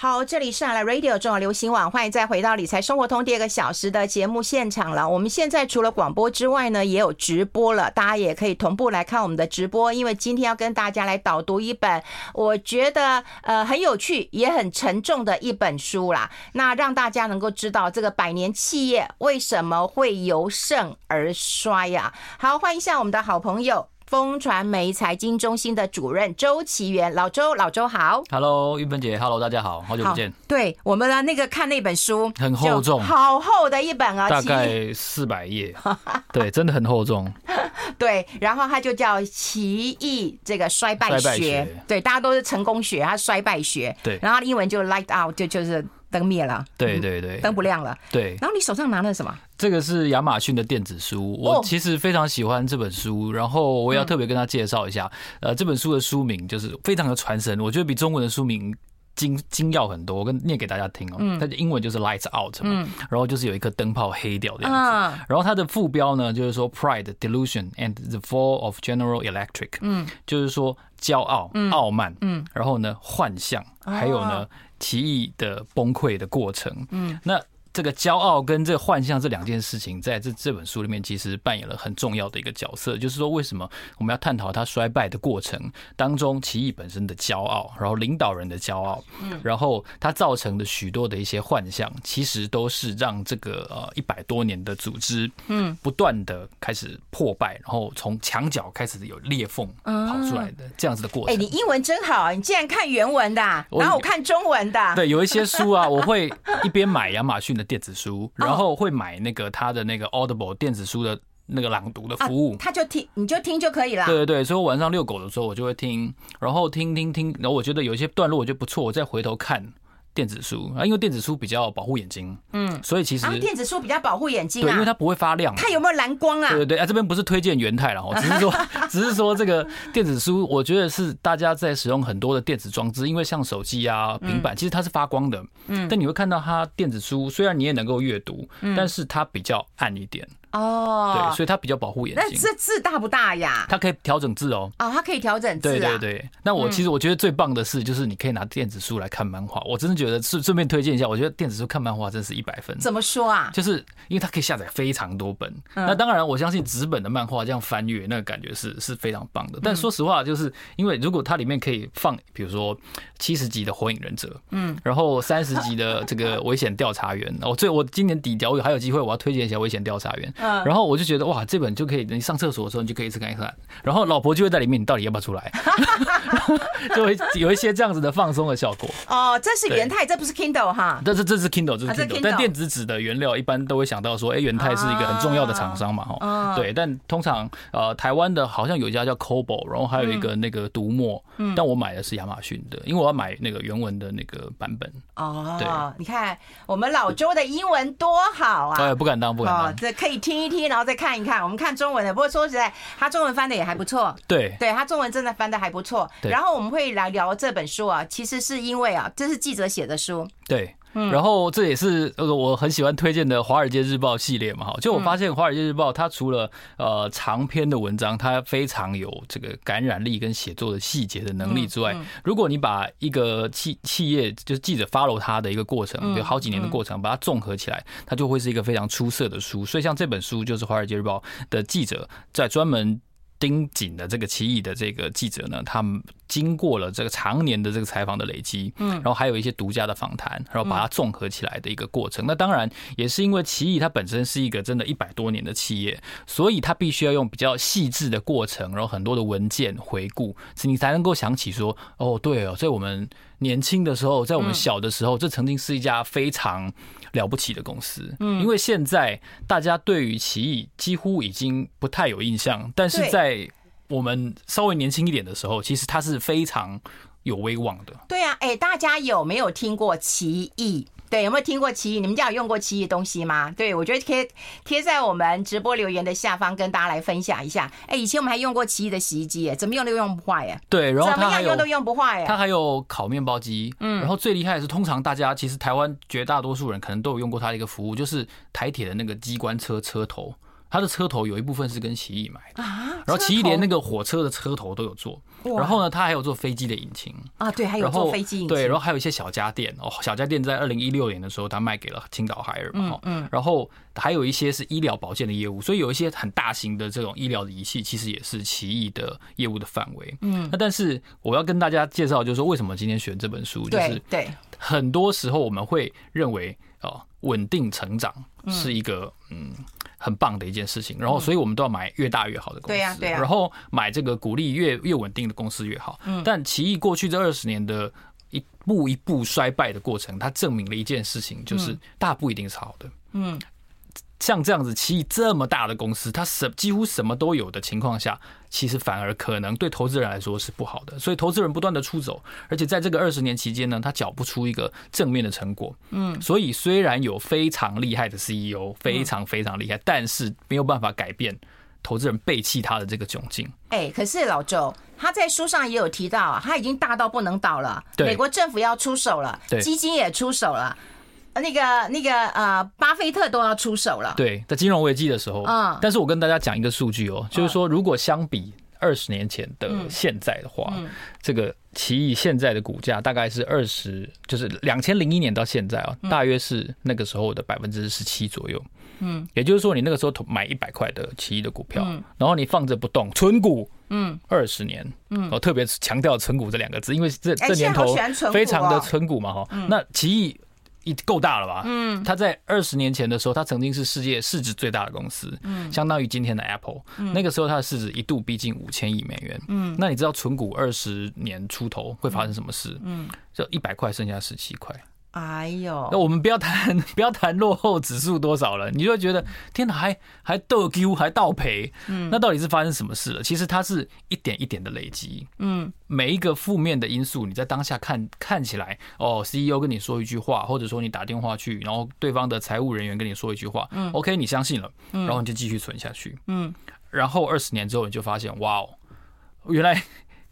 好，這裡是 i Like Radio 中廣流行網，歡迎再回到理財生活通第二個小時的節目現場了。我們現在除了廣播之外呢，也有直播了，大家也可以同步來看我們的直播。因為今天要跟大家來導讀一本我覺得呃很有趣也很沉重的一本書啦。那讓大家能夠知道這個百年企業為什麼會由盛而衰啊。好，歡迎一下我們的好朋友。風傳媒財經中心的主任周岐原，老周，老周好，Hello 韻芬姐，Hello 大家好，好久不見。對我們呢，那個看那本書很厚重，好厚的一本啊，大概四百頁， 對，真的很厚重。 對，然後它就叫《奇異這個衰敗學》敗學，對，大家都是成功學，它衰敗學，對，然後英文就 Lights Out，就就是。燈滅了，對對對，燈不亮了，對。然後你手上拿的什麼？這個是亞馬遜的電子書，我其實非常喜歡這本書，然後我要特別跟他介紹一下。呃，這本書的書名就是非常的傳神，我覺得比中文的書名精精要很多。我跟念給大家聽哦，嗯，它的英文就是 “Lights Out”，嗯，然後就是有一顆燈泡黑掉的樣子。然後它的副標呢，就是說 “Pride, Delusion, and the Fall of General Electric”，嗯，就是說驕傲、傲慢，嗯，然後呢，幻象，還有呢。奇異的崩潰的過程。嗯，那。這個驕傲跟這個幻象，這兩件事情，在這這本書裡面其實扮演了很重要的一個角色。就是說，為什麼我們要探討它衰敗的過程當中，奇異本身的驕傲，然後領導人的驕傲，嗯，然後它造成的許多的一些幻象，其實都是讓這個呃一百多年的組織，嗯，不斷的開始破敗，然後從牆角開始有裂縫跑出來的這樣子的過程。哎，你英文真好啊，你竟然看原文的，然後我看中文的。對，有一些書啊，我會一邊買亞馬遜。的電子書，然後會買那個他的那個 Audible 電子書的那個朗讀的服務，他就聽，你就聽就可以了。對對對，所以我晚上遛狗的時候，我就會聽，然後聽聽聽，然後我覺得有一些段落我覺得不錯，我再回頭看。電子書啊，因為電子書比較保護眼睛，嗯，所以其實然、啊、電子書比較保護眼睛、啊，對，因為它不會發亮，它有沒有藍光啊？對對對，啊，這邊不是推薦元太，了，我只是說， 只是說這個電子書，我覺得是大家在使用很多的電子裝置，因為像手機啊、平板，嗯、其實它是發光的，嗯，但你會看到它電子書，雖然你也能夠閱讀，嗯、但是它比較暗一點。哦，oh, 對，所以它比較保護眼睛。那這字大不大呀？它可以調整字哦。哦，它可以調整字、啊。對對對。那我其實我覺得最棒的是，就是你可以拿電子書來看漫畫。嗯、我真的覺得是順便推薦一下，我覺得電子書看漫畫真是一百分。怎麼說啊？就是因為它可以下載非常多本。嗯、那當然，我相信紙本的漫畫這樣翻閱，那個感覺是是非常棒的。但說實話，就是因為如果它裡面可以放，比如說七十集的《火影忍者》，嗯，然後三十集的這個《危險調查員，》 哦，最我今年底我還有機會，我要推薦一下《危險調查員》。然後我就覺得哇，這本就可以，你上廁所的時候，你就可以一直看一看。然後老婆就會在裡面，你到底要不要出來？就會有一些這樣子的放鬆的效果。哦，這是元太，這不是 Kindle 哈。這是這是 Kindle，這是 Kindle。但電子紙的原料一般都會想到說，哎，元太是一個很重要的廠商嘛。哦，對，但通常呃台灣的好像有一家叫 Kobo，然後還有一個那個讀墨。但我買的是亞馬遜的，因為我要買那個原文的那個版本。哦，對，你看我們老周的英文多好啊！不敢當，不敢當，這可以。聽一聽，然後再看一看。我們看中文的，不過說實在，他中文翻的也還不錯。對，對，他中文真的翻的還不錯。對然後我們會來聊這本書啊，其實是因為啊，這是記者寫的書。對。然後這也是呃我很喜歡推薦的《華爾街日報》系列嘛，哈，就我發現《華爾街日報》它除了呃長篇的文章，它非常有這個感染力跟寫作的細節的能力之外，如果你把一個企企業就是記者 follow 它的一個過程，有好幾年的過程，把它綜合起來，它就會是一個非常出色的書。所以像這本書就是《華爾街日報》的記者在專門。盯緊的這個奇異的這個記者呢，他們經過了這個長年的這個採訪的累積，嗯，然後還有一些獨家的訪談，然後把它綜合起來的一個過程。那當然也是因為奇異它本身是一個真的一百多年的企業，所以它必須要用比較細緻的過程，然後很多的文件回顧，你才能夠想起說，哦，對哦，在我們年輕的時候，在我們小的時候，這曾經是一家非常。了不起的公司，嗯，因為現在大家對於奇異幾乎已經不太有印象，但是在我們稍微年輕一點的時候，其實它是非常有威望的。對啊，誒、欸，大家有沒有聽過奇異？對，有沒有聽過奇異？你們家有用過奇異東西嗎？對，我覺得可以貼在我們直播留言的下方，跟大家來分享一下。哎、欸，以前我們還用過奇異的洗衣機，哎，怎麼用都用不壞，哎。對，然後怎麼樣用都用不壞，哎。它還有烤麵包機，嗯。然後最厲害的是，通常大家其實台灣絕大多數人可能都有用過它的一個服務，就是台鐵的那個機關車車頭，它的車頭有一部分是跟奇異買的啊。然後奇異連那個火車的車頭都有做。然後呢，他還有做飛機的引擎啊，對，還有做飛機引擎，對，然後還有一些小家電哦，小家電在二零一六年的時候，他賣給了青島海爾嘛，嗯，然後還有一些是醫療保健的業務，所以有一些很大型的這種醫療的儀器，其實也是奇異的業務的範圍，嗯，那但是我要跟大家介紹，就是說為什麼今天選這本書，就是對，很多時候我們會認為穩定成長是一個嗯。很棒的一件事情，然後所以我們都要買越大越好的公司，然後買這個股利越越穩定的公司越好。但奇異過去這二十年的一步一步衰敗的過程，它證明了一件事情，就是大不一定是好的。嗯。像這樣子，奇異這麼大的公司，它什幾乎什麼都有的情況下，其實反而可能對投資人來說是不好的，所以投資人不斷的出走，而且在這個二十年期間呢，他繳不出一個正面的成果，嗯，所以雖然有非常厲害的 CEO，非常非常厲害，但是沒有辦法改變投資人背棄他的這個窘境。哎、欸，可是老周他在書上也有提到、啊，他已經大到不能倒了，美國政府要出手了，基金也出手了。那個那個呃，巴菲特都要出手了。對，在金融危機的時候。啊，但是我跟大家講一個數據哦，就是說，如果相比二十年前的現在的話，這個奇異現在的股價大概是二十，就是兩千零一年到現在啊，大約是那個時候的百分之十七左右。嗯，也就是說，你那個時候買一百塊的奇異的股票，然後你放着不動，存股。嗯，二十年。嗯，我特別強調“存股”這兩個字，因為這這年頭非常的存股嘛哈。那奇異。夠大了吧？嗯，他在二十年前的時候，他曾經是世界市值最大的公司，嗯，相當於今天的 Apple，嗯。那個時候，他的市值一度逼近五千億美元，嗯。那你知道，存股二十年出頭會發生什麼事？嗯，就一百塊剩下十七塊。哎呦，那我們不要談不要談落後指數多少了，你就會覺得天哪，還還倒 Q 還倒賠，嗯，那到底是發生什麼事了？其實它是一點一點的累積，嗯，每一個負面的因素，你在當下看看起來，哦，CEO 跟你說一句話，或者說你打電話去，然後對方的財務人員跟你說一句話，嗯，OK，你相信了，然後你就繼續存下去，嗯，嗯，然後二十年之後你就發現，哇哦，原來。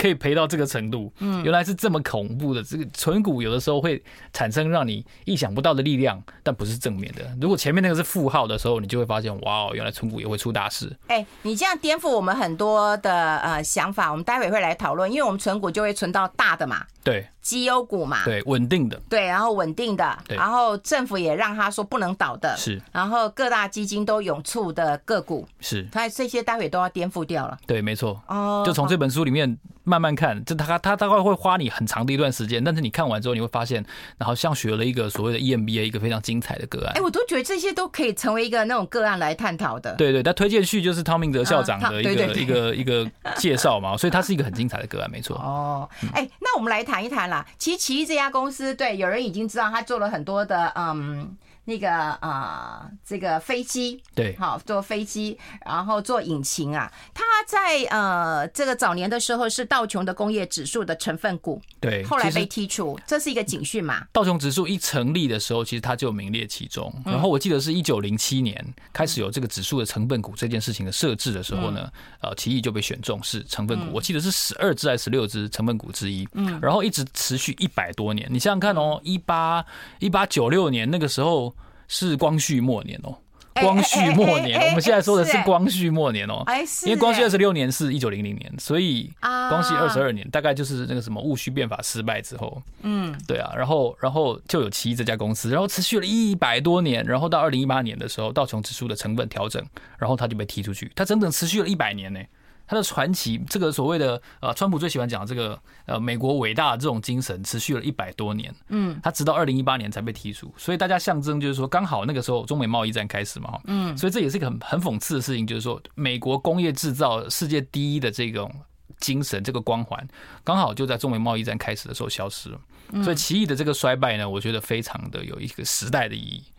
可以賠到這個程度，嗯，原來是這麼恐怖的。這個存股有的時候會產生讓你意想不到的力量，但不是正面的。如果前面那個是負號的時候，你就會發現，哇哦，原來存股也會出大事。哎，你這樣顛覆我們很多的呃想法，我們待會會來討論，因為我們存股就會存到大的嘛，對，績優股嘛，對，穩定的，對，然後穩定的，然後政府也讓他說不能倒的，是，然後各大基金都湧出的個股，是，他是 這些待會都要顛覆掉了。對，沒錯，哦，就從這本書裡面。哦慢慢看，這他他大概會花你很長的一段時間，但是你看完之後，你會發現，然後像學了一個所謂的 EMBA 一個非常精彩的個案。哎、欸，我都覺得這些都可以成為一個那種個案來探討的。對，對對，他推薦序就是湯明哲校長的一個、啊、對對對一個一個介紹嘛， 所以他是一個很精彩的個案，沒錯。哦，哎、嗯欸，那我們來談一談啦。其實奇異這家公司，對，有人已經知道他做了很多的嗯。那個呃，這個飛機對，好坐飛機，然後做引擎啊。他在呃，這個早年的時候是道瓊的工業指數的成分股，對，後來被剔除，這是一個警訊嘛？道瓊指數一成立的時候，其實他就名列其中。然後我記得是一九零七年開始有這個指數的成分股這件事情的設置的時候呢，呃，奇異就被選中是成分股。我記得是十二支還是十六支成分股之一。嗯，然後一直持續一百多年。你想想看哦，一八一八九六年那個時候。是光緒末年哦，光緒末年，我們現在說的是光緒末年哦，因為光緒二十六年是一九零零年，所以光緒二十二年大概就是那個什麼戊戌變法失敗之後，嗯，對啊，然後然後就有奇異這家公司，然後持續了一百多年，然後到二零一八年的時候，道瓊指數的成分調整，然後他就被踢出去，他整整持續了一百年呢，欸。他的傳奇，這個所謂的呃，川普最喜歡講的這個呃，美國偉大的這種精神，持續了一百多年。嗯，他直到二零一八年才被提出，所以大家象徵就是說，剛好那個時候中美貿易戰開始嘛。嗯，所以這也是一個很很諷刺的事情，就是說美國工業製造世界第一的這種精神這個光環，剛好就在中美貿易戰開始的時候消失了。所以奇異的這個衰敗呢，我覺得非常的有一個時代的意義。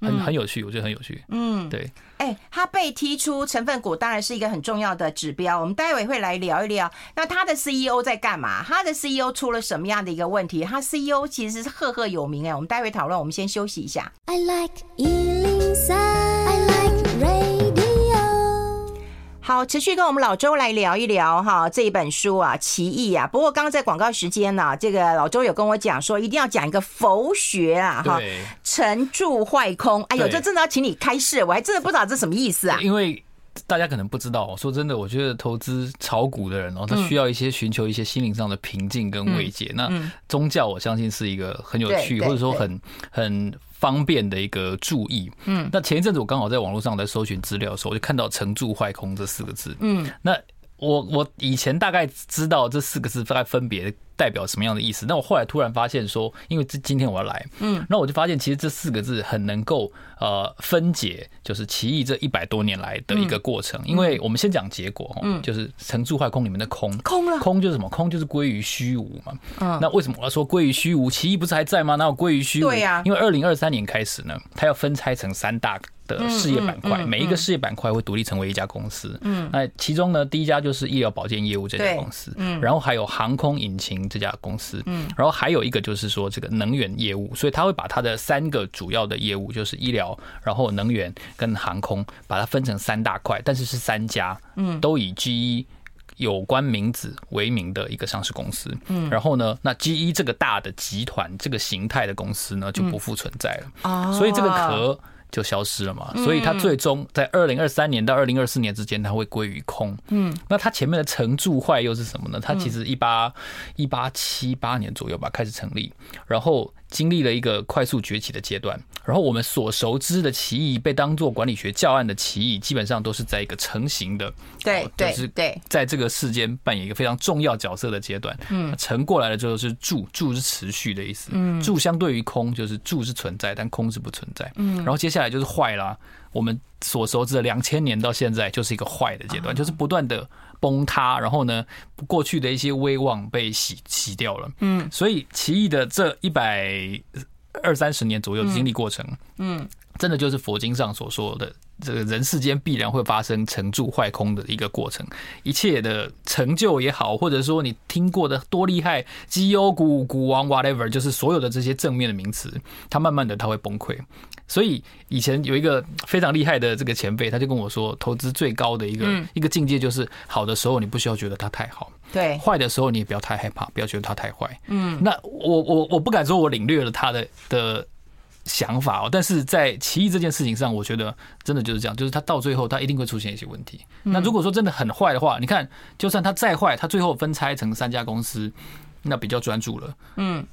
很很有趣，我覺得很有趣。嗯，對。哎，他被踢出成分股當然是一個很重要的指標。我們待會會來聊一聊。那他的 CEO 在幹嘛？他的 CEO 出了什麼樣的一個問題？他 CEO 其實是赫赫有名哎、欸。我們待會討論，我們先休息一下。I like 好，持續跟我們老周來聊一聊哈這一本書啊《奇異》啊。不過剛剛在廣告時間呢、啊，這個老周有跟我講說，一定要講一個佛學啊哈，成對住壞空。哎呦，這真的要請你開示，對我還真的不知道這什麼意思啊。因為大家可能不知道，說真的，我覺得投資炒股的人哦，他需要一些尋求一些心靈上的平靜跟慰藉。嗯嗯、那宗教，我相信是一個很有趣，或者說很很。方便的一個注意，嗯，那前一陣子我剛好在網絡上在搜尋資料的時候，我就看到“成住壞空”這四個字，嗯，那。我我以前大概知道這四個字大概分別代表什麼樣的意思，那我後來突然發現說，因為這今天我要來，嗯，那我就發現其實這四個字很能夠呃分解，就是奇異這一百多年來的一個過程。因為我們先講結果，嗯，就是成住壞空裡面的空，空了，空就是什麼？空就是歸於虛無嘛。嗯，那為什麼我要說歸於虛無？奇異不是還在嗎？那我歸於虛無，對呀，因為二零二三年開始呢，它要分拆成三大的事業板塊，每一個事業板塊會獨立成為一家公司。嗯，那其中呢，第一家就是醫療保健業務這家公司，嗯，然後還有航空引擎這家公司，嗯，然後還有一個就是說這個能源業務，所以他會把他的三個主要的業務，就是醫療，然後能源跟航空，把它分成三大塊，但是是三家，嗯，都以 GE 有關名字為名的一個上市公司，嗯，然後呢，那 GE 這個大的集團這個形態的公司呢就不復存在了，哦，所以這個殼，就消失了嘛，所以他最終在二零二三年到二零二四年之間，他會歸於空。嗯，那他前面的成住壞又是什麼呢？他其實一八一八七八年左右吧，開始成立，然後。經歷了一個快速崛起的階段，然後我們所熟知的奇異被當做管理學教案的奇異，基本上都是在一個成型的，對，就是對，在這個世間扮演一個非常重要角色的階段。嗯，成過來了之後是住，住是持續的意思。嗯，住相對於空就是住是存在，但空是不存在。嗯，然後接下來就是壞啦。我們所熟知的兩千年到現在就是一個壞的階段，就是不斷的。崩塌，然後呢，過去的一些威望被洗洗掉了。嗯，所以奇異的這一百二三十年左右的經歷過程，嗯。嗯真的就是佛經上所說的，這個人世間必然會發生成住壞空的一個過程。一切的成就也好，或者說你聽過的多厲害，績優股股王，whatever，就是所有的這些正面的名詞，它慢慢的它會崩潰。所以以前有一個非常厲害的這個前輩，他就跟我說，投資最高的一個一個境界就是好的時候你不需要覺得它太好，對；壞的時候你也不要太害怕，不要覺得它太壞。嗯，那我我我不敢說我領略了他的的。想法哦，但是在奇異這件事情上，我覺得真的就是這樣，就是他到最後，他一定會出現一些問題。那如果說真的很壞的話，你看，就算他再壞，他最後分拆成三家公司，那比較專注了，嗯，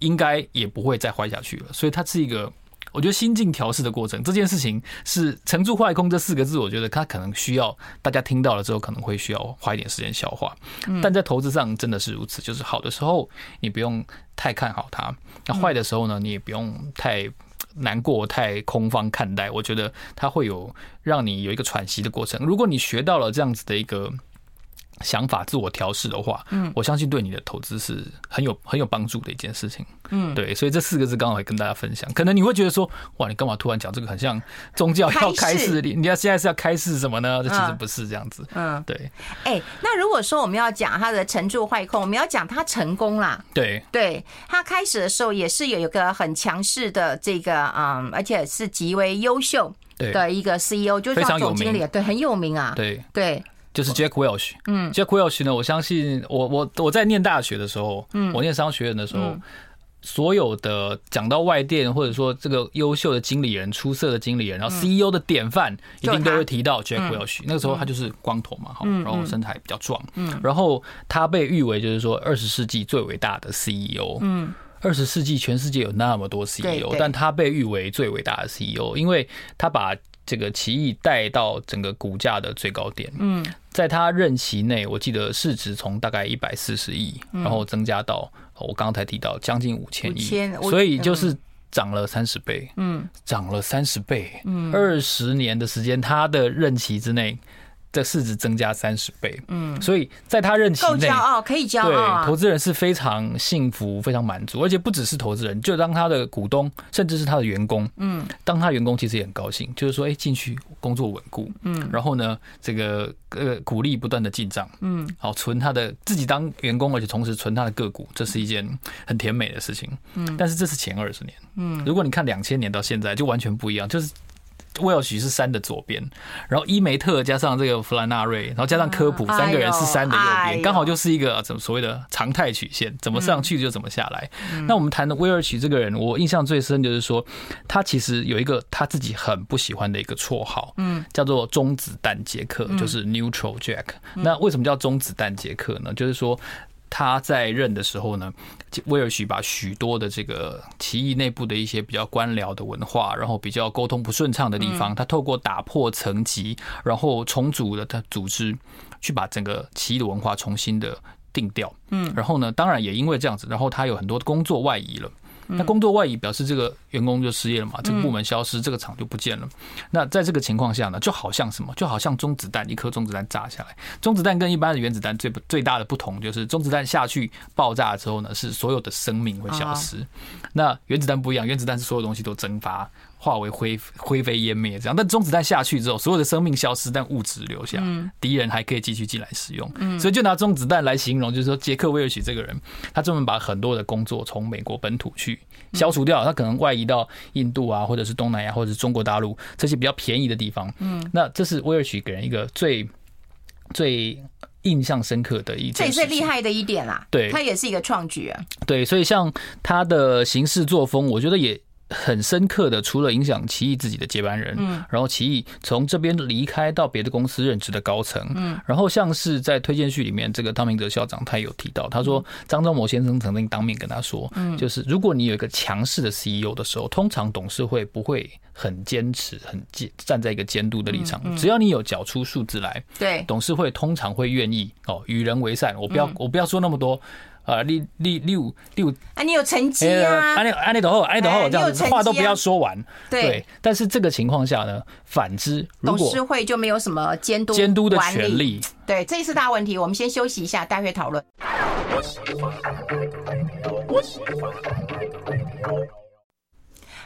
應該也不會再壞下去了。所以他是一個。我覺得心境調適的過程這件事情是“成住壞空”這四個字，我覺得它可能需要大家聽到了之後，可能會需要花一點時間消化。但在投資上真的是如此，就是好的時候你不用太看好它，那壞的時候呢，你也不用太難過、太空方看待。我覺得它會有讓你有一個喘息的過程。如果你學到了這樣子的一個。想法自我調適的話，嗯，我相信對你的投資是很有很有幫助的一件事情，嗯，對，所以這四個字剛好會跟大家分享。可能你會覺得說，哇，你幹嘛突然講這個？很像宗教要開示你，你要現在是要開示什麼呢？這其實不是這樣子，嗯，對。哎，那如果說我們要講他的成住壞空，我們要講他成功啦，對，對，他開始的時候也是有一個很強勢的這個，嗯，而且是極為優秀的一個 CEO，就像總經理，非常有名，對，很有名啊，對，對。就是 Jack Welch，嗯，Jack Welch 呢，我相信我我我在念大學的時候，嗯，我念商學院的時候，嗯、所有的講到外電或者說這個優秀的經理人、出色的經理人，然後 CEO 的典範，一定都會提到 Jack Welch。嗯、那個時候他就是光頭嘛，哈、嗯，然後身材比較壯、嗯，嗯，然後他被譽為就是說二十世紀最偉大的 CEO，嗯，二十世紀全世界有那麼多 CEO，但他被譽為最偉大的 CEO，因為他把這個奇異帶到整個股價的最高點。嗯，在他任期內，我記得市值從大概一百四十億，然後增加到我剛才提到將近五千億，所以就是漲了三十倍。嗯，漲了三十倍。嗯，二十年的時間，他的任期之內。的市值增加三十倍，嗯，所以在他任期內，哦，可以驕傲，可以驕傲。對投資人是非常幸福，非常滿足，而且不只是投資人，就當他的股東，甚至是他的員工，嗯，當他員工其實也很高興，就是說，哎，進去工作穩固，嗯，然後呢，這個呃，股利不斷的進賬，嗯，好，存他的自己當員工，而且同時存他的個股，這是一件很甜美的事情，嗯，但是這是前二十年，嗯，如果你看兩千年到現在，就完全不一樣，就是。威爾奇是三的左邊，然後伊梅特加上這個弗蘭納瑞，然後加上科普三個人是三的右邊，剛好就是一個什麼所謂的常態曲線，怎麼上去就怎麼下來。那我們談的威爾奇這個人，我印象最深就是說，他其實有一個他自己很不喜歡的一個綽號，嗯，叫做中子彈傑克，就是 Neutral Jack。那為什麼叫中子彈傑克呢？就是說。他在任的時候呢，威爾許把許多的這個奇異內部的一些比較官僚的文化，然後比較溝通不順暢的地方，他透過打破層級，然後重組的他組織，去把整個奇異的文化重新的定掉。嗯，然後呢，當然也因為這樣子，然後他有很多的工作外移了。那工作外移表示這個員工就失業了嘛？這個部門消失，這個廠就不見了。那在這個情況下呢，就好像什麼？就好像中子彈，一顆中子彈炸下來。中子彈跟一般的原子彈最不，最大的不同就是，中子彈下去爆炸之後呢，是所有的生命會消失。那原子彈不一樣，原子彈是所有東西都蒸發。化為灰灰飛煙滅，這樣。但中子彈下去之後，所有的生命消失，但物質留下，敵人還可以繼續進來使用。所以就拿中子彈來形容，就是說傑克威爾許這個人，他專門把很多的工作從美國本土去消除掉，他可能外移到印度啊，或者是東南亞，或者是中國大陸這些比較便宜的地方。嗯，那這是威爾許給人一個最最印象深刻的一，這也是最厲害的一點啦。對，他也是一個創舉啊。對，所以像他的行事作風，我覺得也。很深刻的，除了影響奇異自己的接班人，嗯，然後奇異從這邊離開到別的公司任職的高層，嗯，然後像是在推薦序裡面，這個湯明哲校長他也有提到，他說張忠謀先生曾經當面跟他說，嗯，就是如果你有一個強勢的 CEO 的時候，通常董事會不會很堅持，很站在一個監督的立場，只要你有繳出數字來，對，董事會通常會願意哦，與人為善，我不要我不要說那麼多。啊，你你六六啊，你啊、欸欸，你有成績啊？啊你等候，啊你等候這樣話都不要說完。對，對對，但是這個情況下呢，反之，董事會就沒有什麼監督監督的權利。對，這是大問題，嗯、我們先休息一下，待會討論。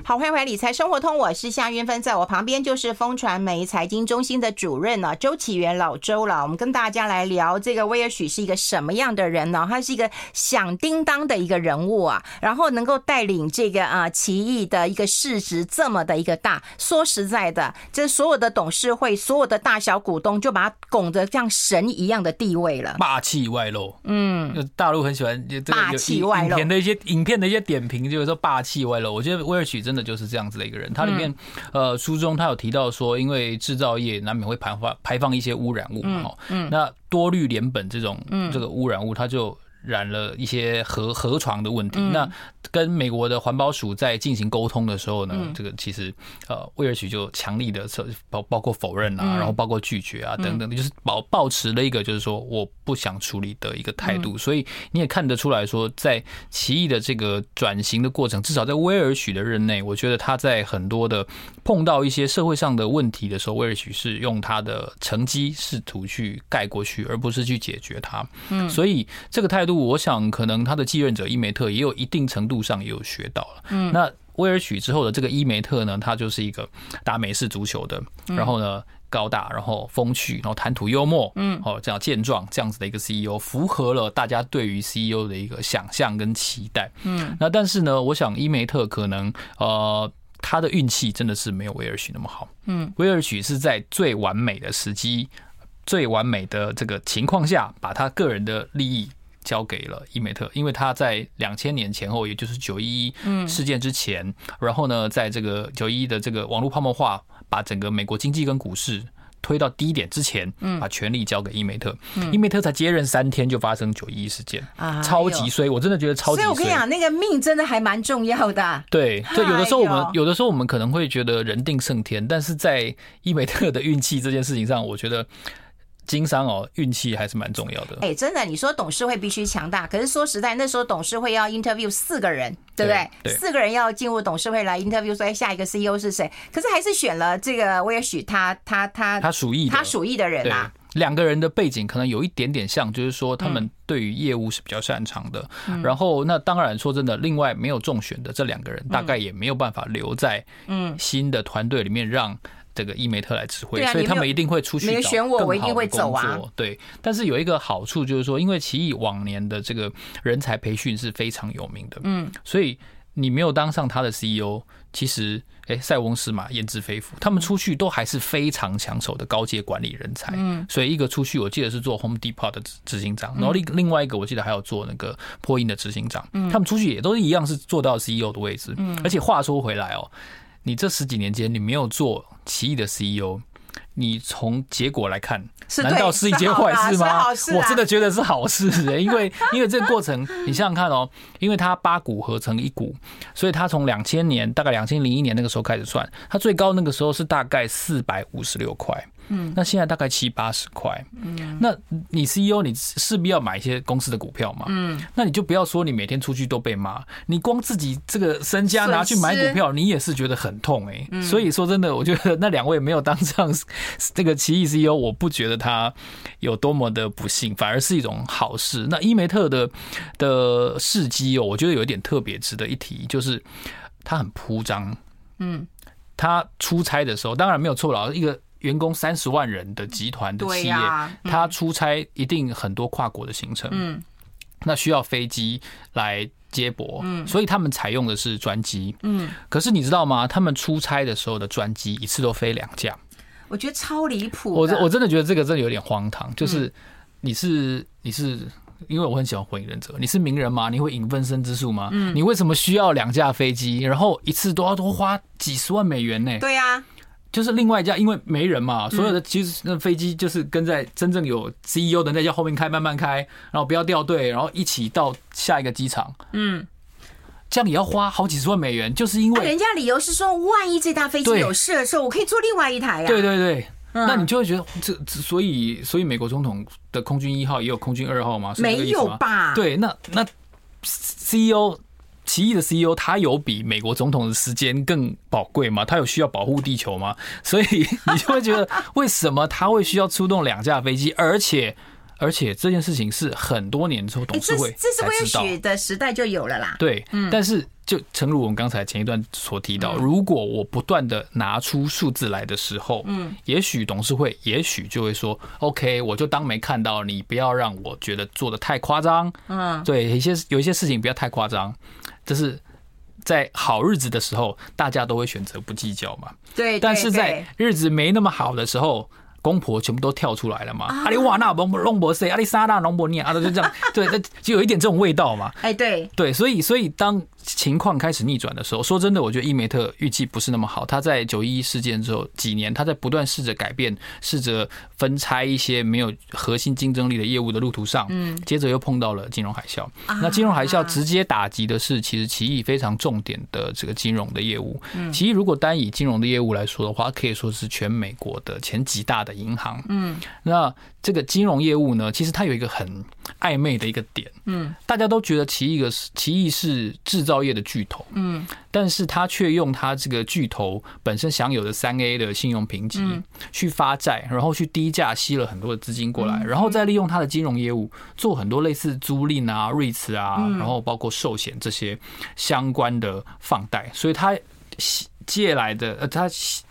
好，歡迎回來《理財生活通》，我是夏韻芬，在我旁邊就是風傳媒財經中心的主任呢、啊，周岐原老周了。我們跟大家來聊這個威爾許是一個什麼樣的人呢、啊？他是一個響叮噹的一個人物啊，然後能夠帶領這個啊、呃、奇異的一個市值這麼的一個大。說實在的，這所有的董事會、所有的大小股東就把他拱得像神一樣的地位了，霸氣外露。嗯，大陸很喜歡這些霸氣外露的一些影片的一些點評，就是說霸氣外露。我覺得威爾許。真的就是這樣子的一個人，他裡面呃書中他有提到說，因為制造業難免會排放排放一些污染物嘛，那多氯聯苯這種這個污染物，它就。染了一些河河床的問題。嗯、那跟美國的環保署在進行溝通的時候呢，這個其實呃，威爾許就強力的包包括否認啊，然後包括拒絕啊等等，就是抱抱持了一個就是說我不想處理的一個態度。所以你也看得出來說，在奇異的這個轉型的過程，至少在威爾許的任內，我覺得他在很多的。碰到一些社會上的問題的時候，威爾許是用他的成績試圖去蓋過去，而不是去解決它。嗯，所以這個態度，我想可能他的繼任者伊梅特也有一定程度上也有學到了。嗯，那威爾許之後的這個伊梅特呢，他就是一個打美式足球的，然後呢高大，然後風趣，然後談吐幽默，嗯，哦這樣健壯這樣子的一個 CEO，符合了大家對於 CEO 的一個想象跟期待。嗯，那但是呢，我想伊梅特可能呃。他的運氣真的是沒有威爾許那麼好。嗯，威爾許是在最完美的時機、最完美的這個情況下，把他個人的利益交給了伊美特，因為他在兩千年前後，也就是九一一事件之前，然後呢，在這個九一一的這個網絡泡沫化，把整個美國經濟跟股市。推到低點之前，把權力交給伊、e、美特，伊、嗯嗯、美特才接任三天就發生九一一事件啊，嗯、超級衰！我真的覺得超級衰、啊、所以我跟你講，那個命真的還蠻重要的。對，就、啊、呦有的時候我們，有的時候我們可能會覺得人定勝天，但是在伊、e、美特的運氣這件事情上，我覺得。經商哦，運氣還是蠻重要的。哎、欸，真的，你說董事會必須強大，可是說實在，那時候董事會要 interview 四個人，對不對？對對，四個人要進入董事會來 interview，說下一個 CEO 是誰？可是還是選了這個威爾許，他他他，屬意他屬意他屬意的人啦、啊。兩個人的背景可能有一點點像，就是說他們對於業務是比較擅長的。嗯、然後那當然說真的，另外沒有中選的這兩個人，嗯、大概也沒有辦法留在嗯新的團隊裡面讓。這個伊梅特來指揮，所以他們一定會出去找更好的工作。對，但是有一個好處就是說，因為奇異往年的這個人才培訓是非常有名的，嗯，所以你沒有當上他的 CEO，其實哎、欸，塞翁失馬，焉知非福，他們出去都還是非常搶手的高階管理人才，嗯，所以一個出去，我記得是做 Home Depot 的執行長，然後另另外一個，我記得還有做那個波音的執行長，他們出去也都一樣是做到 CEO 的位置，嗯，而且話說回來哦、喔。你這十幾年間，你沒有做奇異的 CEO，你從結果來看，難道是一件壞事嗎？我真的覺得是好事欸，因為因為這個過程，你想想看哦，因為它八股合成一股，所以它從兩千年，大概兩千零一年那個時候開始算，它最高那個時候是大概四百五十六塊。嗯，那現在大概七八十塊，嗯，那你 CEO 你勢必要買一些公司的股票嘛，嗯，那你就不要說你每天出去都被罵，你光自己這個身家拿去買股票，你也是覺得很痛哎、欸，所以說真的，我覺得那兩位沒有當上這個奇異 CEO，我不覺得他有多麼的不幸，反而是一種好事。那伊梅特的的事蹟哦，我覺得有一點特別值得一提，就是他很鋪張，嗯，他出差的時候當然沒有錯了一個。員工三十萬人的集團的企業，他出差一定很多跨國的行程，嗯，那需要飛機來接駁，嗯，所以他們採用的是專機，嗯，可是你知道嗎？他們出差的時候的專機一次都飛兩架，我覺得超離譜，我我真的覺得這個真的有點荒唐，就是你是，嗯，你是，你是，因為我很喜歡火影忍者，你是名人嗎？你會影分身之術嗎？嗯，你為什麼需要兩架飛機，然後一次都要多花幾十萬美元呢？欸，對呀、啊。就是另外一架，因為沒人嘛，所有的其實那飛機就是跟在真正有 CEO 的那架後面開，慢慢開，然後不要掉隊，然後一起到下一個機場。嗯，這樣也要花好幾十萬美元，就是因為人家理由是說，萬一這架飛機有事的時候，我可以坐另外一台呀。對對對，那你就會覺得這所以所以美國總統的空軍一號也有空軍二號嗎？沒有吧？對，那那 CEO。奇異的 CEO，他有比美國總統的時間更寶貴嗎？他有需要保護地球嗎？所以你就會覺得，為什麼他會需要出動兩架飛機，而且？而且這件事情是很多年之後董事會才知道這是許的，時代就有了啦。對，嗯。但是就誠如我們剛才前一段所提到，如果我不斷的拿出數字來的時候，嗯，也許董事會也許就會說、嗯、：“OK，我就當沒看到你，不要讓我覺得做的太誇張。”嗯，對，有一些有一些事情不要太誇張。就是在好日子的時候，大家都會選擇不計較嘛。對，對。但是在日子沒那麼好的時候。公婆全部都跳出來了嘛？阿里瓦納隆隆博塞，阿里薩納隆博涅，啊，啊啊、就這樣，對，就有一點這種味道嘛。對，所以，所以當。情況開始逆轉的時候，說真的，我覺得伊梅特預計不是那麼好。他在九一一事件之後幾年，他在不斷試着改變，試着分拆一些沒有核心競爭力的業務的路途上，嗯，接着又碰到了金融海嘯。那金融海嘯直接打擊的是其實奇異非常重點的這個金融的業務。嗯，奇異如果單以金融的業務來說的話，可以說是全美國的前幾大的銀行。嗯，那這個金融業務呢，其實它有一個很。曖昧的一個點，嗯，大家都覺得奇異的是，奇異是製造業的巨頭，嗯，但是他卻用他這個巨頭本身享有的三 A 的信用評級去發債，然後去低價吸了很多的資金過來，然後再利用他的金融業務做很多類似租賃啊、瑞慈啊，然後包括壽險這些相關的放貸，所以他借來的，呃，他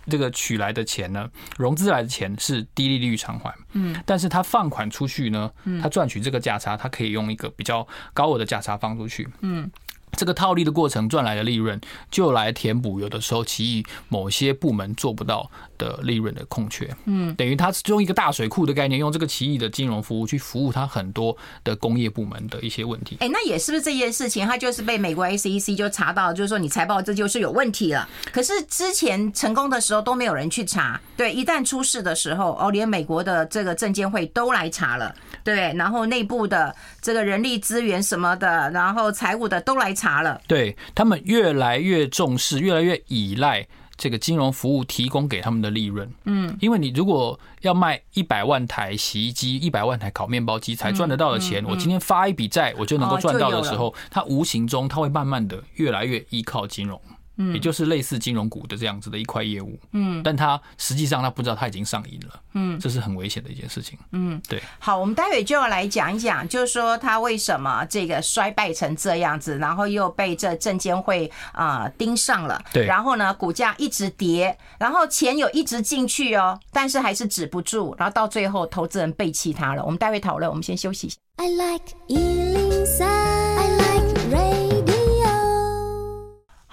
這個取來的錢呢，融資來的錢是低利率償還，嗯，但是他放款出去呢，他賺取這個價差，他可以用一個比較高額的價差放出去，嗯，這個套利的過程賺來的利潤，就來填補，有的時候其某些部門做不到。的利潤的空缺，嗯，等於他是用一個大水庫的概念，用這個奇異的金融服務去服務他很多的工業部門的一些問題。哎、欸，那也是不是這件事情，他就是被美國 SEC 就查到，就是說你財報這就是有問題了。可是之前成功的時候都沒有人去查，對，一旦出事的時候，哦，連美國的這個證監會都來查了，對，然後內部的這個人力資源什麼的，然後財務的都來查了，對他們越來越重視，越來越依賴。這個金融服務提供給他們的利潤，嗯，因為你如果要賣一百萬台洗衣機、一百萬台烤麵包機才賺得到的錢，我今天發一筆債我就能夠賺到的時候，它無形中它會慢慢的越來越依靠金融。嗯，也就是類似金融股的這樣子的一塊業務，嗯，但他實際上他不知道他已經上癮了，嗯，這是很危險的一件事情，嗯，對。好，我們待會就要來講一講，就是說他為什麼這個衰敗成這樣子，然後又被這證監會啊、呃、盯上了，對，然後呢股價一直跌，然後錢有一直進去哦，但是還是止不住，然後到最後投資人背棄他了。我們待會討論，我們先休息一下。I like, 103, I like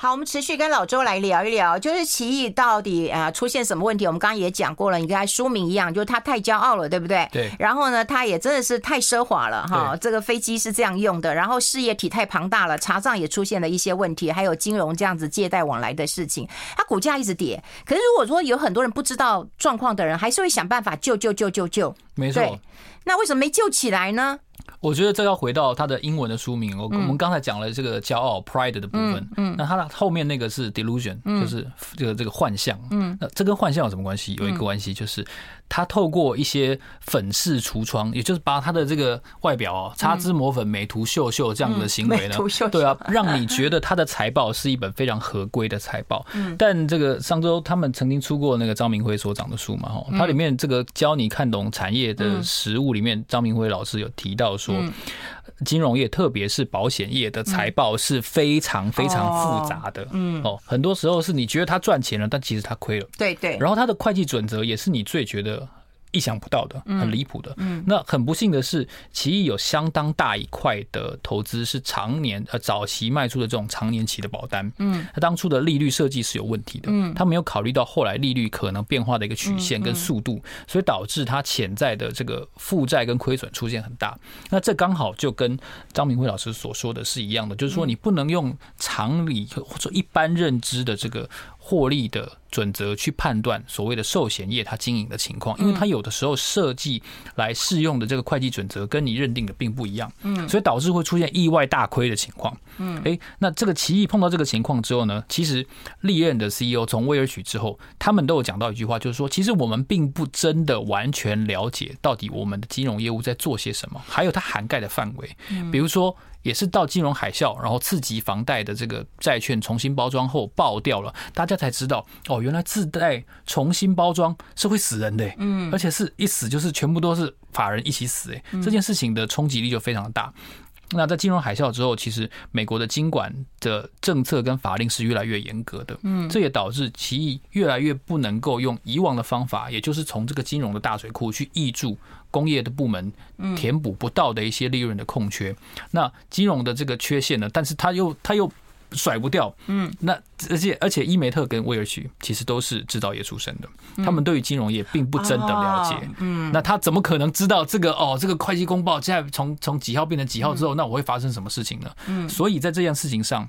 好，我們持續跟老周來聊一聊，就是奇異到底啊、呃、出現什麼問題？我們剛剛也講過了，你跟他書名一樣，就是他太驕傲了，對不對？對。然後呢，他也真的是太奢華了哈，這個飛機是這樣用的，然後事業體太龐大了，查賬也出現了一些問題，還有金融這樣子借貸往來的事情，他股價一直跌。可是如果說有很多人不知道狀況的人，還是會想辦法救救救救救，救。沒錯 錯。那為什麼沒救起來呢？我覺得這要回到他的英文的書名。我我們剛才講了這個驕傲 （Pride） 的部分，嗯，那他的後面那個是 Delusion，就是這個這個幻象，嗯，那這跟幻象有什麼關係？有一個關係就是，他透過一些粉飾櫥窗，也就是把他的這個外表哦、擦脂抹粉、美圖秀秀這樣的行為呢，對啊，讓你覺得他的財報是一本非常合規的財報。嗯，但這個上周他們曾經出過那個張明輝所長的書嘛，吼，它裡面這個教你看懂產業的實物裡面，張明輝老師有提到。說金融業，特別是保險業的財報是非常非常複雜的。嗯，哦，很多時候是你覺得他賺錢了，但其實他虧了。對對，然後他的會計準則也是你最覺得。意想不到的，很的、嗯，很離譜的。那很不幸的是，奇異有相當大一塊的投資是常年呃早期賣出的這種常年期的保單。嗯，他當初的利率設計是有問題的。嗯，他沒有考慮到後來利率可能變化的一個曲線跟速度，所以導致他潛在的這個負債跟虧損出現很大。那這剛好就跟張明輝老師所說的是一樣的，就是說你不能用常理或者一般認知的這個。獲利的準則去判斷所謂的壽險業它經營的情況，因為它有的時候設計來適用的這個會計準則跟你認定的並不一樣，嗯，所以導致會出現意外大虧的情況，嗯，哎，那這個奇異碰到這個情況之後呢，其實歷任的 CEO 從威爾許之後，他們都有講到一句話，就是說其實我們並不真的完全了解到底我們的金融業務在做些什麼，還有它涵蓋的範圍，比如說。也是到金融海嘯，然後次級房貸的這個債券重新包裝後爆掉了，大家才知道哦，原來次貸重新包裝是會死人的，嗯，而且是一死就是全部都是法人一起死，誒，這件事情的衝擊力就非常的大。那在金融海嘯之後，其實美國的監管的政策跟法令是越來越嚴格的，嗯，這也導致奇異越來越不能夠用以往的方法，也就是從這個金融的大水庫去挹注。工業的部門填補不到的一些利潤的空缺，嗯、那金融的這個缺陷呢，但是他又他又甩不掉，嗯，那而且而且伊梅特跟威爾許其實都是製造業出身的，嗯、他們對於金融業並不真的了解，啊、嗯，那他怎麼可能知道這個哦，這個會計公報現在從從幾號變成幾號之後，嗯、那我會發生什麼事情呢？嗯，所以在這件事情上，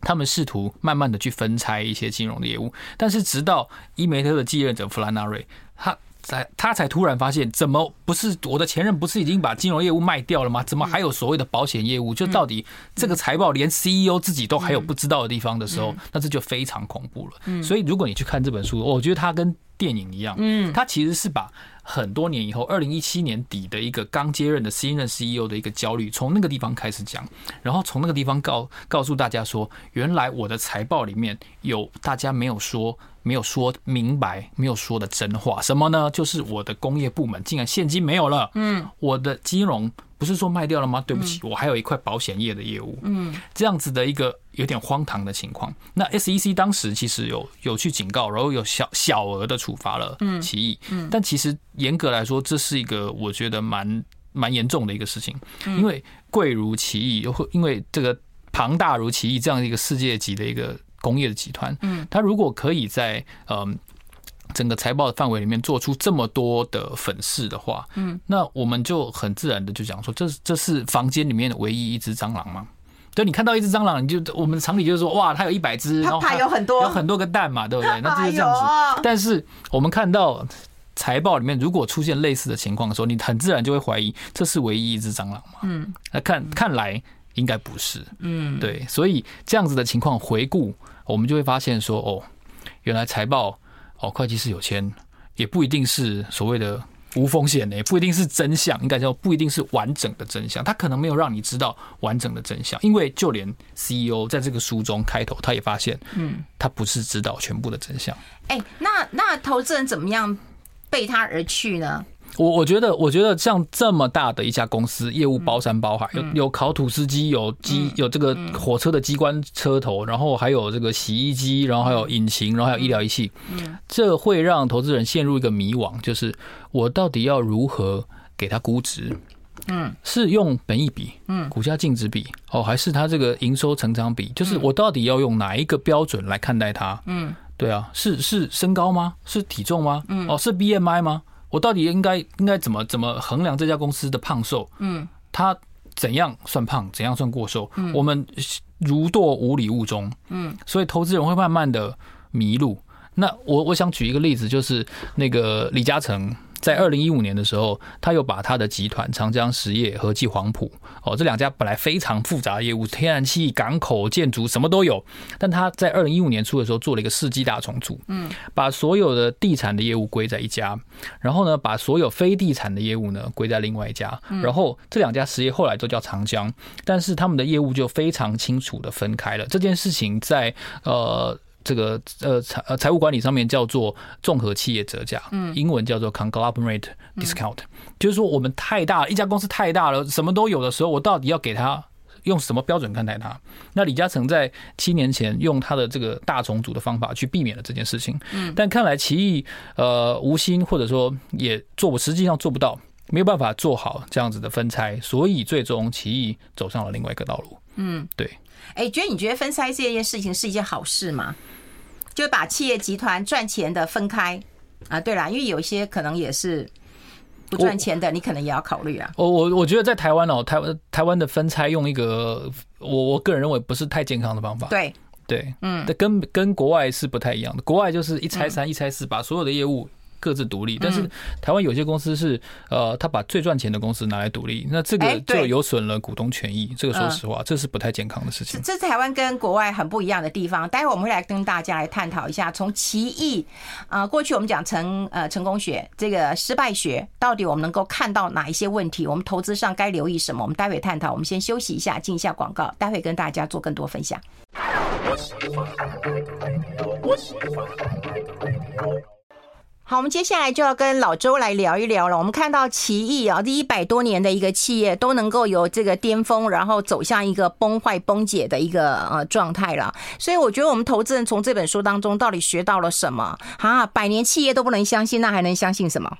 他們試圖慢慢的去分拆一些金融的業務，但是直到伊梅特的繼任者弗蘭納瑞，他。才他才突然發現，怎麼不是我的前任？不是已經把金融業務賣掉了嗎？怎麼還有所謂的保險業務？就到底這個財報，連 CEO 自己都還有不知道的地方的時候，那這就非常恐怖了。所以，如果你去看這本書，我覺得它跟電影一樣，它其實是把。很多年以後，二零一七年底的一個剛接任的新任 CEO 的一個焦慮，從那個地方開始講，然後從那個地方告告訴大家說，原來我的財報裡面有大家沒有說、沒有說明白、沒有說的真話，什麼呢？就是我的工業部門竟然現金沒有了，嗯，我的金融不是說賣掉了嗎？對不起，我還有一塊保險業的業務，嗯，這樣子的一個。有點荒唐的情況。那 SEC 當時其實有有去警告，然後有小小額的處罰了奇異，嗯，嗯但其實嚴格來說，這是一個我覺得蠻蠻嚴重的一個事情。因為貴如奇異，又因為這個龐大如奇異這樣一個世界級的一個工業的集團，嗯，它如果可以在嗯、呃、整個財報的範圍裡面做出這麼多的粉飾的話，嗯，那我們就很自然的就講說這，這這是房間裡面唯一一只蟑螂嗎？所以你看到一隻蟑螂，你就我們的常理就是說，哇，它有一百隻，它有很多，有很多個蛋嘛，對不對？那這就是這樣子。但是我們看到財報裡面，如果出現類似的情況的時候，你很自然就會懷疑，這是唯一一隻蟑螂嘛？嗯，那看看來應該不是。嗯，對，所以這樣子的情況回顧，我們就會發現說，哦，原來財報哦，會計師有簽，也不一定是所謂的。無風險的，不一定是真相，應該叫不一定是完整的真相。他可能沒有讓你知道完整的真相，因為就連 CEO 在這個書中開頭，他也發現，嗯，他不是知道全部的真相。嗯欸，那那投資人怎麼樣背他而去呢？我我覺得，我覺得像這麼大的一家公司，業務包山包海，嗯、有有烤吐司機，有機有這個火車的機關車頭，嗯嗯、然後還有這個洗衣機，然後還有引擎，然後還有醫療儀器，嗯，這會讓投資人陷入一個迷惘，就是我到底要如何給他估值？嗯，是用本益比？嗯，股價淨值比？哦，還是他這個營收成長比？就是我到底要用哪一個標準來看待它？嗯，對啊，是是身高嗎？是體重嗎？哦，是 B M I 嗎？我到底應該應該怎麼怎麼衡量這家公司的胖瘦？嗯，他怎樣算胖，怎樣算過瘦？嗯，我們如墮五里霧中。嗯，所以投資人會慢慢的迷路。那我我想舉一個例子，就是那個李嘉誠。在二零一五年的時候，他又把他的集團長江實業、和記黃埔哦這兩家本來非常複雜的業務，天然氣、港口、建築什麼都有，但他在二零一五年初的時候做了一個世紀大重組，嗯，把所有的地產的業務歸在一家，然後呢，把所有非地產的業務呢歸在另外一家，然後這兩家實業後來都叫長江，但是他們的業務就非常清楚的分開了。這件事情在呃。這個呃財呃財務管理上面叫做綜合企業折價，嗯，英文叫做 conglomerate discount，嗯，就是說我們太大一家公司太大了，什麼都有的時候，我到底要給他用什麼標準看待他？那李嘉誠在七年前用他的這個大重組的方法去避免了這件事情，嗯，但看來奇異呃無心或者說也做實際上做不到，沒有辦法做好這樣子的分拆，所以最終奇異走上了另外一個道路。嗯，對。哎，欸，覺得你覺得分拆這件事情是一件好事嗎？就把企業集團賺錢的分開，啊，對啦，因為有些可能也是不賺錢的，你可能也要考慮啊。我我我覺得在台灣哦，台灣台灣的分拆用一個我我個人認為不是太健康的方法。對對，嗯，跟跟國外是不太一樣的，國外就是一拆三、一拆四，把所有的業務。各自獨立，但是台灣有些公司是、嗯、呃，他把最賺錢的公司拿來獨立，那這個就有損了股東權益。欸、這個說實話，嗯、這是不太健康的事情。這是台灣跟國外很不一樣的地方。待會我們會來跟大家來探討一下，從奇異啊，過去我們講成呃成功學，這個失敗學，到底我們能夠看到哪一些問題？我們投資上該留意什麼？我們待會探討。我們先休息一下，進一下廣告，待會跟大家做更多分享。 好，我們接下來就要跟老周來聊一聊了。我們看到奇異啊，這一百多年的一個企業都能夠有這個巔峰，然後走向一個崩壞、崩解的一個呃狀態了。所以我覺得，我們投資人從這本書當中到底學到了什麼啊，啊？百年企業都不能相信，那還能相信什麼？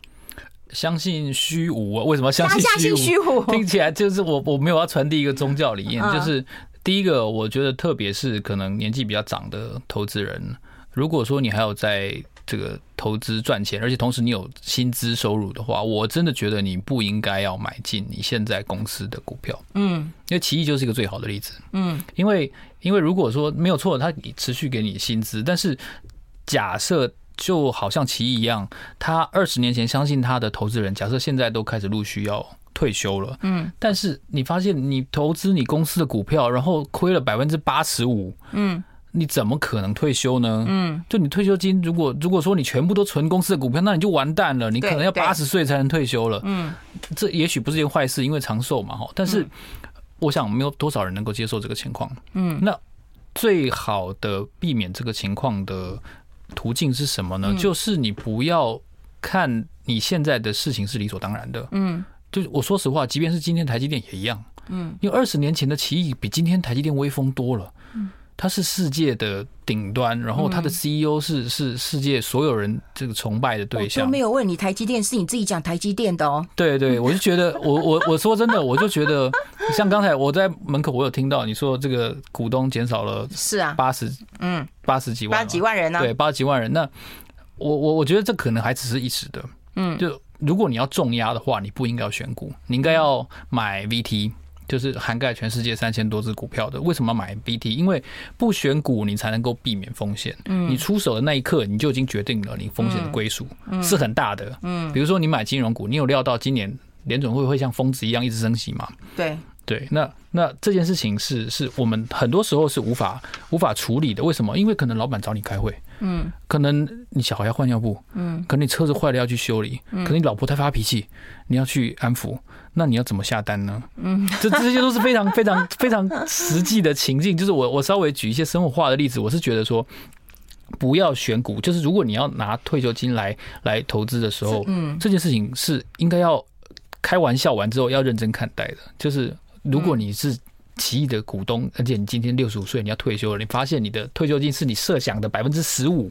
相信虛無啊？為什麼相信虛無？聽起來就是我，我沒有要傳遞一個宗教理念。就是第一個，我覺得特別是可能年紀比較長的投資人，如果說你還有在。這個投資賺錢，而且同時你有薪資收入的話，我真的覺得你不應該要買進你現在公司的股票。嗯，因為奇異就是一個最好的例子。嗯，因為因為如果說沒有錯，他持續給你薪資，但是假設就好像奇異一樣，他二十年前相信他的投資人，假設現在都開始陸續要退休了。嗯，但是你發現你投資你公司的股票，然後虧了百分之八十五。嗯。你怎麼可能退休呢？嗯，就你退休金，如果如果說你全部都存公司的股票，那你就完蛋了。你可能要八十歲才能退休了。嗯，這也許不是件壞事，因為長壽嘛哈。但是，我想沒有多少人能夠接受這個情況。嗯，那最好的避免這個情況的途徑是什麼呢？嗯，就是你不要看你現在的事情是理所當然的。嗯，就我說實話，即便是今天台積電也一樣。嗯，因為二十年前的奇異比今天台積電威風多了。它是世界的頂端，然後它的 CEO 是是世界所有人這個崇拜的對象。我沒有問你，台積電是你自己講台積電的哦。對對，我就覺得，我我我說真的，我就覺得，像剛才我在門口，我有聽到你說這個股東減少了，是啊，八十，嗯，八十幾萬，八十幾萬人呢？對，八十幾萬人。那我我我覺得這可能還只是一時的，嗯，就如果你要重壓的話，你不應該要選股，你應該要買 VT。就是涵蓋全世界三千多只股票的，為什麼買、M、BT？因為不選股，你才能夠避免風險。嗯，你出手的那一刻，你就已經決定了你風險的歸屬，嗯嗯、是很大的。嗯，比如說你買金融股，你有料到今年聯準會會像瘋子一樣一直升息嗎？對對，那那這件事情是是我們很多時候是無法無法處理的。為什麼？因為可能老板找你開會，嗯，可能你小孩要換尿布，嗯，可能你車子壞了要去修理，嗯、可能你老婆太發脾氣，你要去安撫。那你要怎麼下單呢？嗯，這這些都是非常非常非常實際的情境，就是我我稍微舉一些生活化的例子，我是覺得說，不要選股，就是如果你要拿退休金來來投資的時候，嗯，這件事情是應該要開玩笑完之後要認真看待的，就是如果你是。奇異的股東，而且你今天六十五歲，你要退休了。你發現你的退休金是你設想的百分之十五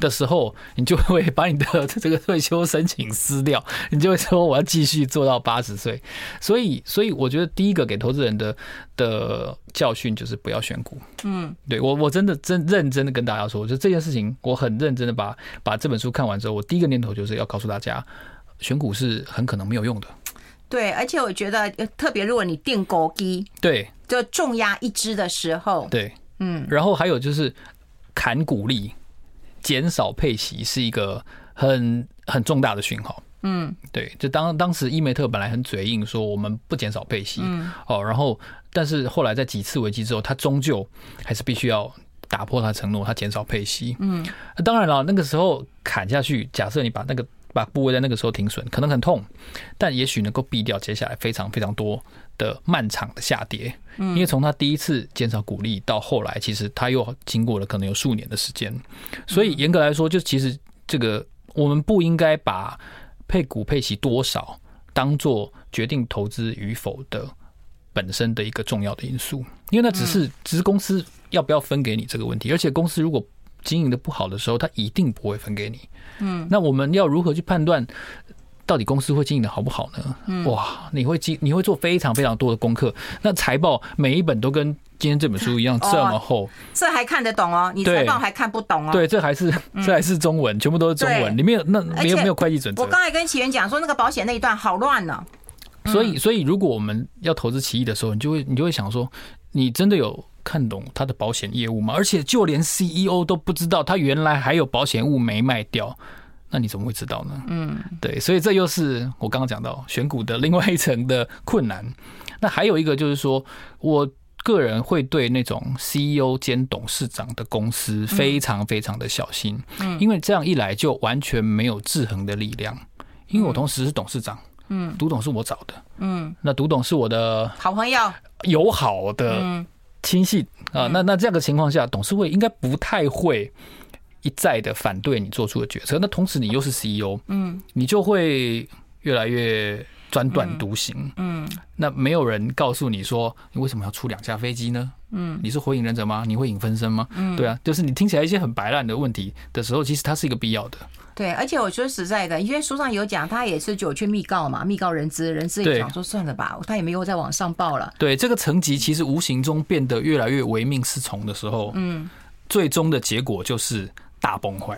的時候，你就會把你的這個退休申請撕掉。你就會說我要繼續做到八十歲。所以，所以我覺得第一個給投資人的的教訓就是不要選股。嗯，對，我我真的真的認真的跟大家說，我覺得這件事情我很認真的把把這本書看完之後，我第一個念頭就是要告訴大家，選股是很可能沒有用的。對，而且我覺得特別如果你定股基，對。就重壓一支的時候，嗯，對，嗯，然後還有就是砍股利減少配息是一個很很重大的訊號，嗯，對，就當當時伊梅特本來很嘴硬說我們不減少配息，哦，然後但是後來在幾次危機之後，他終究還是必須要打破他承諾，他減少配息，嗯，當然了，那個時候砍下去，假設你把那個。把部位在那個時候停損，可能很痛，但也許能夠避掉接下來非常非常多的漫長的下跌。因為從他第一次減少股利到後來，其實他又經過了可能有數年的時間。所以嚴格來說，就其實這個我們不應該把配股配息多少當做決定投資與否的本身的一個重要的因素，因為那只是只是公司要不要分給你這個問題。而且公司如果經營的不好的時候，他一定不會分給你。嗯，那我們要如何去判斷到底公司會經營的好不好呢？哇，你會經，你會做非常非常多的功課。那財報每一本都跟今天這本書一樣這麼厚，這還看得懂哦？你財報還看不懂哦？對，對，這還是這還是中文，全部都是中文，你沒有那沒有沒有會計準則。我剛才跟岐原講說，那個保險那一段好亂呢。所以，所以如果我們要投資奇異的時候，你就會你就會想說，你真的有。看懂他的保險業務嗎？而且就連 CEO 都不知道他原來還有保險物沒賣掉，那你怎麼會知道呢？嗯，對，所以這又是我剛剛講到選股的另外一層的困難。那還有一個就是說，我個人會對那種 CEO 兼董事長的公司非常非常的小心，嗯，因為這樣一來就完全沒有制衡的力量，嗯，因為我同時是董事長。嗯，獨董是我找的。嗯，那獨董是我的，好，的好朋友，友好的。輕信啊，那那這樣的情況下，董事會應該不太會一再的反對你做出的決策。那同時你又是 CEO，嗯，你就會越來越專斷獨行，嗯，嗯。那沒有人告訴你說，你為什麼要出兩架飛機呢？嗯，你是火影忍者嗎？你會影分身嗎？嗯，對啊，就是你聽起來一些很白爛的問題的時候，其實它是一個必要的。對，而且我說實在的，因為書上有講，他也是就去密告嘛，密告人資，人資也想說算了吧對，他也沒有再往上報了。對，這個層級其實無形中變得越來越唯命是從的時候，嗯，最終的結果就是。大崩壞，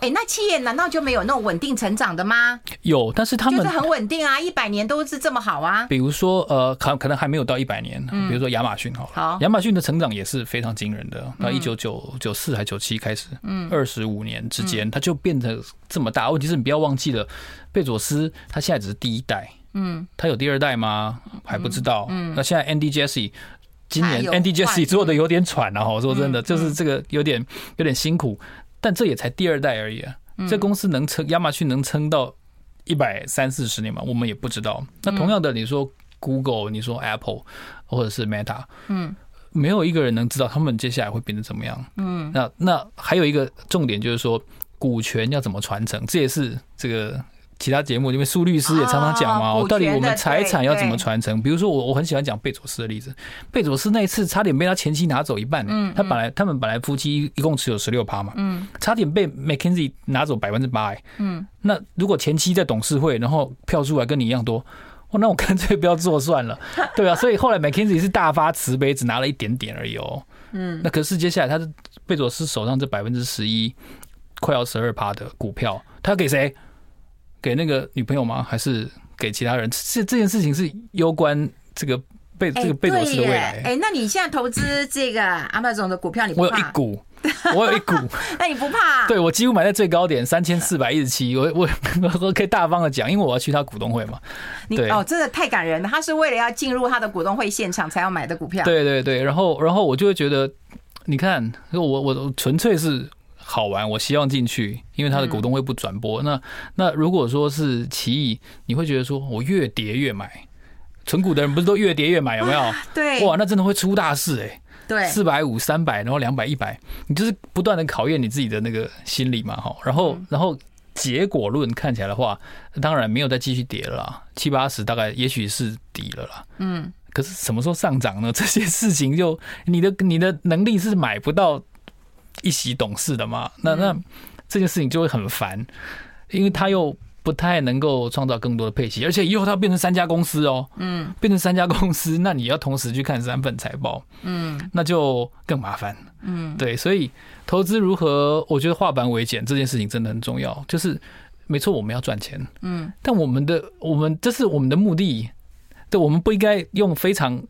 哎，那企業難道就沒有那種穩定成長的嗎？有，但是他們就是很穩定啊，一百年都是這麼好啊。比如說，呃，可可能還沒有到一百年，嗯、比如說亞馬遜，好了，亞好馬遜的成長也是非常驚人的。那一九九九四還九七開始，嗯，二十五年之間，它就變成這麼大。問題是，你不要忘記了，貝佐斯他現在只是第一代，嗯，他有第二代嗎？還不知道。嗯，嗯那現在 Andy Jesse 今年 Andy Jesse 做得有點喘了，啊，哈。說真的，嗯嗯，就是這個有點有點辛苦。但這也才第二代而已啊，嗯嗯，這公司能撐，亞馬遜能撐到一百三四十年嗎？我們也不知道。那同樣的，你說 Google，你說 Apple，或者是 Meta，嗯，沒有一個人能知道他們接下來會變得怎麼樣。嗯，嗯，嗯，那，那那還有一個重點就是說，股權要怎麼傳承，這也是這個。其他節目，因為蘇律師也常常講嘛、哦，到底我們財產要怎麼傳承？比如說，我我很喜歡講貝佐斯的例子。貝佐斯那一次差點被他前妻拿走一半，嗯，他本來他們本來夫妻一共持有十六趴嘛，嗯，差點被 MacKenzie 拿走百分之八，嗯、欸，那如果前妻在董事會，然後票數還跟你一樣多，哇，那我乾脆不要做算了，對啊，所以後來 MacKenzie 是大發慈悲，只拿了一點點而已哦，嗯，那可是接下來他是貝佐斯手上這百分之十一，快要十二趴的股票，他給誰？給那個女朋友嗎？還是給其他人？這這件事情是攸關這個貝這個貝佐斯的未來。哎，那你現在投資這個 Amazon 的股票，你不怕、啊、我有一股，我有一股，那你不怕？對我幾乎買在最高點三千四百一十七，我我我 可以大方的講，因為我要去他股東會嘛。你哦，真的太感人了，他是為了要進入他的股東會現場才要買的股票。對對對,對，然後然後我就會覺得，你看我我純粹是。好玩，我希望進去，因為他的股東會不轉播。那、嗯、那如果說是奇異，你會覺得說我越跌越買，存股的人不是都越跌越買？有沒有？對，哇，那真的會出大事哎！對，四百五、三百，然後兩百、一百，你就是不斷的考驗你自己的那個心理嘛，哈。然後然後結果論看起來的話，當然沒有再繼續跌了，七八十大概也許是底了啦。嗯，可是什麼時候上漲呢？這些事情就你的你的能力是買不到。一席董事的嘛，那那這件事情就會很煩，因為他又不太能夠創造更多的配息，而且以後他要變成三家公司哦，嗯，變成三家公司，那你要同時去看三份財報，嗯，那就更麻煩，嗯，對，所以投資如何，我覺得化繁為簡這件事情真的很重要，就是沒錯，我們要賺錢，嗯，但我們的我們這是我們的目的，對，我們不應該用非常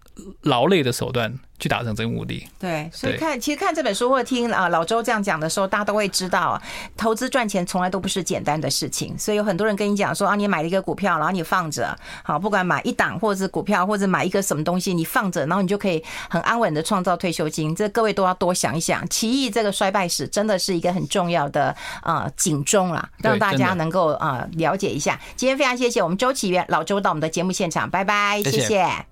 勞累的手段。去達成這個武力。對，所以看其實看這本書或者聽啊老周這樣講的時候，大家都會知道投資賺錢從來都不是簡單的事情。所以有很多人跟你講說啊，你買了一個股票，然後你放着，好不管買一檔或者是股票，或者買一個什麼東西，你放着，然後你就可以很安穩的創造退休金。這各位都要多想一想，奇異這個衰敗史真的是一個很重要的啊警鐘啦，讓大家能夠啊了解一下。今天非常謝謝我們周岐原老周到我們的節目現場，拜拜，謝謝。